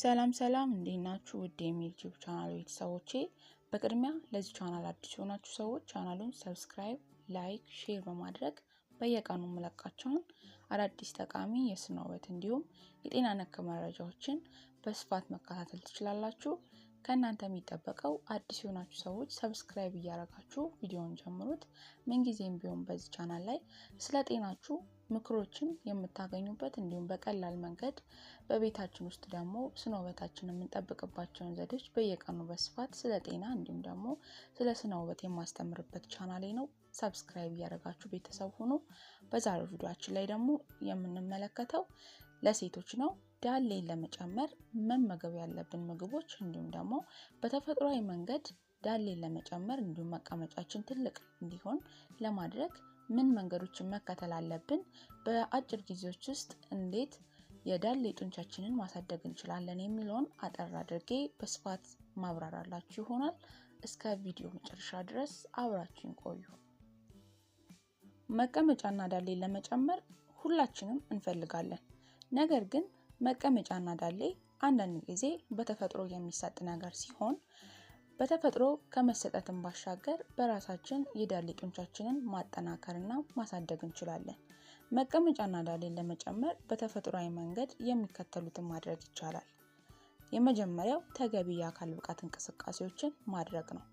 ሰላም ሰላም እንዴት ናችሁ? ውድ የሚል ዩቲዩብ ቻናል ቤተሰቦቼ፣ በቅድሚያ ለዚህ ቻናል አዲስ የሆናችሁ ሰዎች ቻናሉን ሰብስክራይብ፣ ላይክ፣ ሼር በማድረግ በየቀኑ መለቃቸውን አዳዲስ ጠቃሚ የስነ ውበት እንዲሁም የጤና ነክ መረጃዎችን በስፋት መከታተል ትችላላችሁ። ከእናንተ የሚጠበቀው አዲስ የሆናችሁ ሰዎች ሰብስክራይብ እያደረጋችሁ ቪዲዮውን ጀምሩት። ምንጊዜም ቢሆን በዚህ ቻናል ላይ ስለ ጤናችሁ ምክሮችን የምታገኙበት እንዲሁም በቀላል መንገድ በቤታችን ውስጥ ደግሞ ስነ ውበታችን የምንጠብቅባቸውን ዘዴዎች በየቀኑ በስፋት ስለ ጤና እንዲሁም ደግሞ ስለ ስነ ውበት የማስተምርበት ቻናሌ ነው። ሰብስክራይብ እያደረጋችሁ ቤተሰብ ሆኖ በዛሬው ቪዲዮችን ላይ ደግሞ የምንመለከተው ለሴቶች ነው። ዳሌን ለመጨመር መመገብ ያለብን ምግቦች እንዲሁም ደግሞ በተፈጥሯዊ መንገድ ዳሌን ለመጨመር እንዲሁም መቀመጫችን ትልቅ እንዲሆን ለማድረግ ምን መንገዶችን መከተል አለብን? በአጭር ጊዜዎች ውስጥ እንዴት የዳሌ ጡንቻችንን ማሳደግ እንችላለን የሚለውን አጠር አድርጌ በስፋት ማብራራላችሁ ይሆናል። እስከ ቪዲዮ መጨረሻ ድረስ አብራችን ቆዩ። መቀመጫና ዳሌ ለመጨመር ሁላችንም እንፈልጋለን። ነገር ግን መቀመጫና ዳሌ አንዳንድ ጊዜ በተፈጥሮ የሚሰጥ ነገር ሲሆን በተፈጥሮ ከመሰጠትን ባሻገር በራሳችን የዳሌ ጡንቻችንን ማጠናከርና ማሳደግ እንችላለን። መቀመጫና ዳሌን ለመጨመር በተፈጥሯዊ መንገድ የሚከተሉትን ማድረግ ይቻላል። የመጀመሪያው ተገቢ የአካል ብቃት እንቅስቃሴዎችን ማድረግ ነው።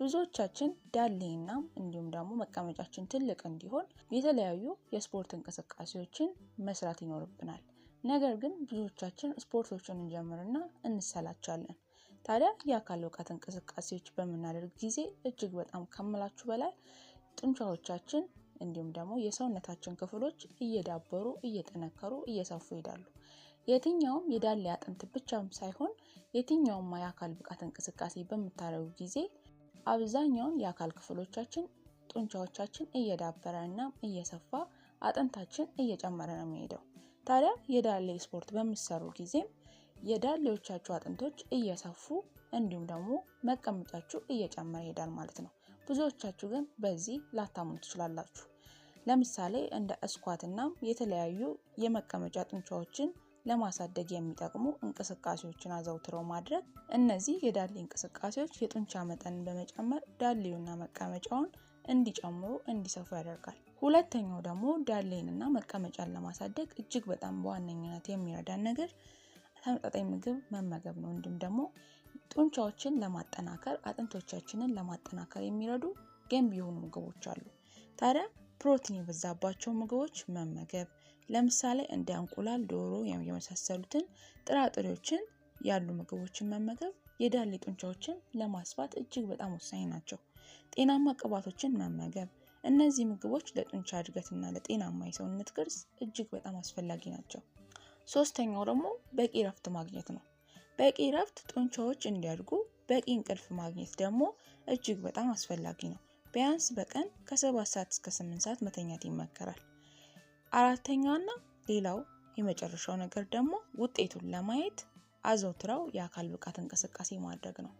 ብዙዎቻችን ዳሌና እንዲሁም ደግሞ መቀመጫችን ትልቅ እንዲሆን የተለያዩ የስፖርት እንቅስቃሴዎችን መስራት ይኖርብናል። ነገር ግን ብዙዎቻችን ስፖርቶችን እንጀምርና እንሰላቻለን። ታዲያ የአካል ብቃት እንቅስቃሴዎች በምናደርግ ጊዜ እጅግ በጣም ከምላችሁ በላይ ጡንቻዎቻችን እንዲሁም ደግሞ የሰውነታችን ክፍሎች እየዳበሩ እየጠነከሩ እየሰፉ ይሄዳሉ። የትኛውም የዳሌ አጥንት ብቻም ሳይሆን የትኛውም የአካል ብቃት እንቅስቃሴ በምታደርጉ ጊዜ አብዛኛውን የአካል ክፍሎቻችን ጡንቻዎቻችን እየዳበረ እና እየሰፋ አጥንታችን እየጨመረ ነው የሚሄደው። ታዲያ የዳሌ ስፖርት በምሰሩ ጊዜም የዳሌዎቻችሁ አጥንቶች እየሰፉ እንዲሁም ደግሞ መቀመጫችሁ እየጨመረ ይሄዳል ማለት ነው። ብዙዎቻችሁ ግን በዚህ ላታሙ ትችላላችሁ። ለምሳሌ እንደ እስኳት የተለያዩ የመቀመጫ ጡንቻዎችን ለማሳደግ የሚጠቅሙ እንቅስቃሴዎችን አዘውትረው ማድረግ። እነዚህ የዳሌ እንቅስቃሴዎች የጡንቻ መጠንን በመጨመር ዳሌውና መቀመጫውን እንዲጨምሩ እንዲሰፉ ያደርጋል። ሁለተኛው ደግሞ ዳሌንና መቀመጫን ለማሳደግ እጅግ በጣም በዋነኝነት የሚረዳን ነገር ተመጣጣኝ ምግብ መመገብ ነው። እንዲሁም ደግሞ ጡንቻዎችን ለማጠናከር አጥንቶቻችንን ለማጠናከር የሚረዱ ገንቢ የሆኑ ምግቦች አሉ። ታዲያ ፕሮቲን የበዛባቸው ምግቦች መመገብ ለምሳሌ እንደ እንቁላል፣ ዶሮ የመሳሰሉትን ጥራጥሬዎችን ያሉ ምግቦችን መመገብ የዳሌ ጡንቻዎችን ለማስፋት እጅግ በጣም ወሳኝ ናቸው። ጤናማ ቅባቶችን መመገብ እነዚህ ምግቦች ለጡንቻ እድገትና ለጤናማ የሰውነት ቅርጽ እጅግ በጣም አስፈላጊ ናቸው። ሶስተኛው ደግሞ በቂ ረፍት ማግኘት ነው። በቂ ረፍት ጡንቻዎች እንዲያድጉ፣ በቂ እንቅልፍ ማግኘት ደግሞ እጅግ በጣም አስፈላጊ ነው። ቢያንስ በቀን ከ7 ሰዓት እስከ 8 ሰዓት መተኛት ይመከራል። አራተኛውና ሌላው የመጨረሻው ነገር ደግሞ ውጤቱን ለማየት አዘውትረው የአካል ብቃት እንቅስቃሴ ማድረግ ነው።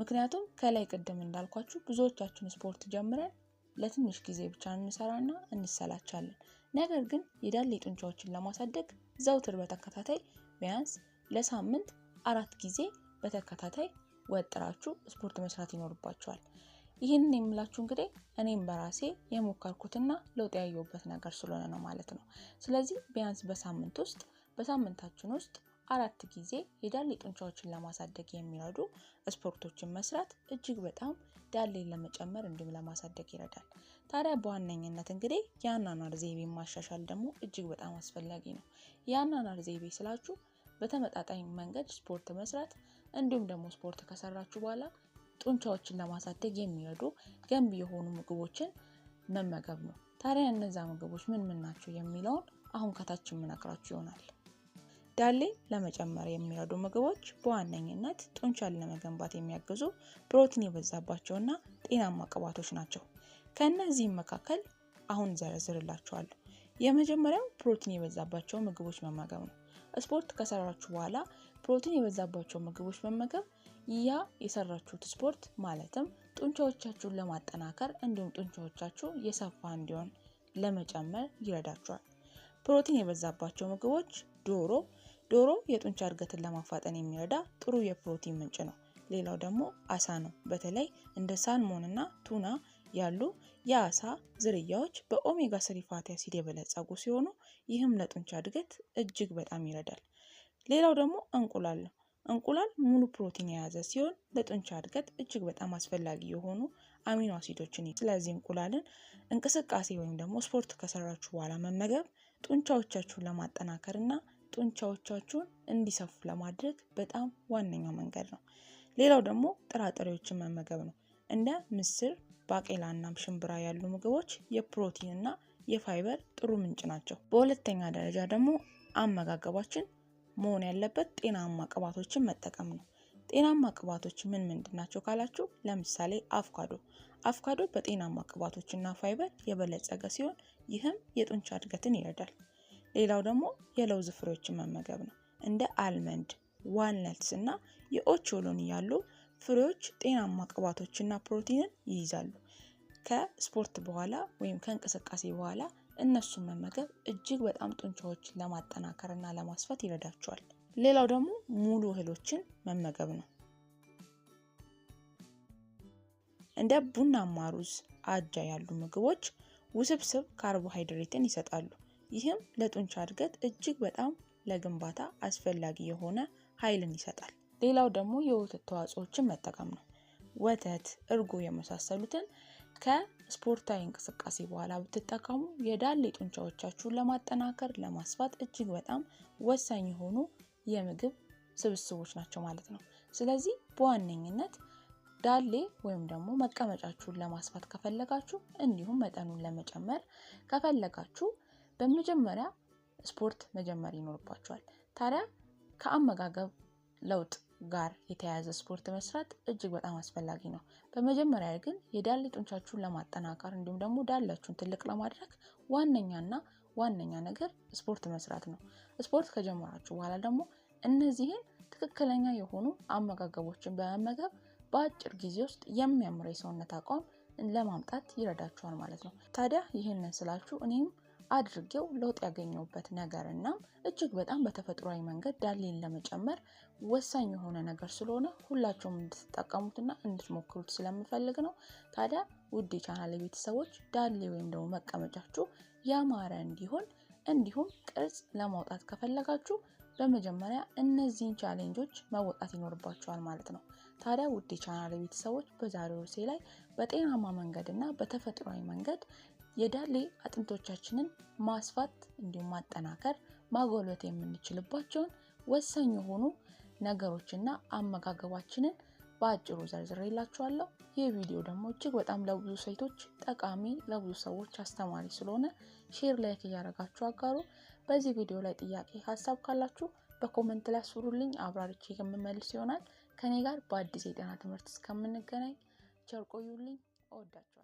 ምክንያቱም ከላይ ቅድም እንዳልኳችሁ ብዙዎቻችን ስፖርት ጀምረን ለትንሽ ጊዜ ብቻ እንሰራና እንሰላቻለን። ነገር ግን የዳሌ ጡንቻዎችን ለማሳደግ ዘውትር በተከታታይ ቢያንስ ለሳምንት አራት ጊዜ በተከታታይ ወጥራችሁ ስፖርት መስራት ይኖርባችኋል። ይህንን የምላችሁ እንግዲህ እኔም በራሴ የሞከርኩትና ለውጥ ያየሁበት ነገር ስለሆነ ነው ማለት ነው። ስለዚህ ቢያንስ በሳምንት ውስጥ በሳምንታችን ውስጥ አራት ጊዜ የዳሌ ጡንቻዎችን ለማሳደግ የሚረዱ ስፖርቶችን መስራት እጅግ በጣም ዳሌን ለመጨመር እንዲሁም ለማሳደግ ይረዳል። ታዲያ በዋነኝነት እንግዲህ የአኗኗር ዘይቤ ማሻሻል ደግሞ እጅግ በጣም አስፈላጊ ነው። የአኗኗር ዘይቤ ስላችሁ በተመጣጣኝ መንገድ ስፖርት መስራት እንዲሁም ደግሞ ስፖርት ከሰራችሁ በኋላ ጡንቻዎችን ለማሳደግ የሚረዱ ገንቢ የሆኑ ምግቦችን መመገብ ነው። ታዲያ እነዛ ምግቦች ምን ምን ናቸው የሚለውን አሁን ከታች የምነግራችሁ ይሆናል። ዳሌ ለመጨመር የሚረዱ ምግቦች በዋነኝነት ጡንቻን ለመገንባት የሚያግዙ ፕሮቲን የበዛባቸውና ጤናማ ቅባቶች ናቸው። ከእነዚህም መካከል አሁን ዘረዝርላችኋለሁ። የመጀመሪያው ፕሮቲን የበዛባቸው ምግቦች መመገብ ነው። ስፖርት ከሰራችሁ በኋላ ፕሮቲን የበዛባቸው ምግቦች መመገብ ያ የሰራችሁት ስፖርት ማለትም ጡንቻዎቻችሁን ለማጠናከር እንዲሁም ጡንቻዎቻችሁ የሰፋ እንዲሆን ለመጨመር ይረዳችኋል። ፕሮቲን የበዛባቸው ምግቦች ዶሮ፣ ዶሮ የጡንቻ እድገትን ለማፋጠን የሚረዳ ጥሩ የፕሮቲን ምንጭ ነው። ሌላው ደግሞ አሳ ነው። በተለይ እንደ ሳልሞን እና ቱና ያሉ የአሳ ዝርያዎች በኦሜጋ ስሪ ፋቲ አሲድ የበለጸጉ ሲሆኑ ይህም ለጡንቻ እድገት እጅግ በጣም ይረዳል። ሌላው ደግሞ እንቁላል ነው። እንቁላል ሙሉ ፕሮቲን የያዘ ሲሆን ለጡንቻ እድገት እጅግ በጣም አስፈላጊ የሆኑ አሚኖ አሲዶችን። ስለዚህ እንቁላልን እንቅስቃሴ ወይም ደግሞ ስፖርት ከሰራችሁ በኋላ መመገብ ጡንቻዎቻችሁን ለማጠናከር እና ጡንቻዎቻችሁን እንዲሰፉ ለማድረግ በጣም ዋነኛው መንገድ ነው። ሌላው ደግሞ ጥራጥሬዎችን መመገብ ነው። እንደ ምስር፣ ባቄላ እናም ሽምብራ ያሉ ምግቦች የፕሮቲን እና የፋይበር ጥሩ ምንጭ ናቸው። በሁለተኛ ደረጃ ደግሞ አመጋገባችን መሆን ያለበት ጤናማ ቅባቶችን መጠቀም ነው። ጤናማ ቅባቶች ምን ምንድን ናቸው ካላችሁ፣ ለምሳሌ አቮካዶ። አቮካዶ በጤናማ ቅባቶችና ፋይበር የበለጸገ ሲሆን ይህም የጡንቻ እድገትን ይረዳል። ሌላው ደግሞ የለውዝ ፍሬዎችን መመገብ ነው። እንደ አልመንድ፣ ዋልነትስ እና የኦቾሎኒ ያሉ ፍሬዎች ጤናማ ቅባቶችና ፕሮቲንን ይይዛሉ። ከስፖርት በኋላ ወይም ከእንቅስቃሴ በኋላ እነሱን መመገብ እጅግ በጣም ጡንቻዎችን ለማጠናከር እና ለማስፋት ይረዳቸዋል። ሌላው ደግሞ ሙሉ እህሎችን መመገብ ነው። እንደ ቡናማ ሩዝ፣ አጃ ያሉ ምግቦች ውስብስብ ካርቦሃይድሬትን ይሰጣሉ። ይህም ለጡንቻ እድገት እጅግ በጣም ለግንባታ አስፈላጊ የሆነ ኃይልን ይሰጣል። ሌላው ደግሞ የወተት ተዋጽኦችን መጠቀም ነው። ወተት፣ እርጎ የመሳሰሉትን ከስፖርታዊ እንቅስቃሴ በኋላ ብትጠቀሙ የዳሌ ጡንቻዎቻችሁን ለማጠናከር ለማስፋት እጅግ በጣም ወሳኝ የሆኑ የምግብ ስብስቦች ናቸው ማለት ነው። ስለዚህ በዋነኝነት ዳሌ ወይም ደግሞ መቀመጫችሁን ለማስፋት ከፈለጋችሁ እንዲሁም መጠኑን ለመጨመር ከፈለጋችሁ በመጀመሪያ ስፖርት መጀመር ይኖርባቸዋል። ታዲያ ከአመጋገብ ለውጥ ጋር የተያያዘ ስፖርት መስራት እጅግ በጣም አስፈላጊ ነው። በመጀመሪያ ግን የዳሌ ጡንቻችሁን ለማጠናከር እንዲሁም ደግሞ ዳላችሁን ትልቅ ለማድረግ ዋነኛና ዋነኛ ነገር ስፖርት መስራት ነው። ስፖርት ከጀመራችሁ በኋላ ደግሞ እነዚህን ትክክለኛ የሆኑ አመጋገቦችን በመመገብ በአጭር ጊዜ ውስጥ የሚያምር የሰውነት አቋም ለማምጣት ይረዳችኋል ማለት ነው። ታዲያ ይህንን ስላችሁ እኔም አድርጌው ለውጥ ያገኘሁበት ነገር እና እጅግ በጣም በተፈጥሯዊ መንገድ ዳሌን ለመጨመር ወሳኝ የሆነ ነገር ስለሆነ ሁላቸውም እንድትጠቀሙትና እንድትሞክሩት ስለምፈልግ ነው። ታዲያ ውድ የቻናል ቤተሰቦች ዳሌ ወይም ደግሞ መቀመጫችሁ ያማረ እንዲሆን እንዲሁም ቅርጽ ለማውጣት ከፈለጋችሁ በመጀመሪያ እነዚህን ቻሌንጆች መወጣት ይኖርባቸዋል ማለት ነው። ታዲያ ውድ የቻናል ቤተሰቦች በዛሬው ርዕሴ ላይ በጤናማ መንገድ እና በተፈጥሯዊ መንገድ የዳሌ አጥንቶቻችንን ማስፋት እንዲሁም ማጠናከር ማጎልበት የምንችልባቸውን ወሳኝ የሆኑ ነገሮችና አመጋገባችንን በአጭሩ ዘርዝሬላችኋለሁ። ይህ ቪዲዮ ደግሞ እጅግ በጣም ለብዙ ሴቶች ጠቃሚ፣ ለብዙ ሰዎች አስተማሪ ስለሆነ ሼር፣ ላይክ እያደረጋችሁ አጋሩ። በዚህ ቪዲዮ ላይ ጥያቄ፣ ሀሳብ ካላችሁ በኮመንት ላይ አስፍሩልኝ። አብራርቼ የምመልስ ይሆናል። ከኔ ጋር በአዲስ የጤና ትምህርት እስከምንገናኝ ቸርቆዩልኝ ቆዩልኝ።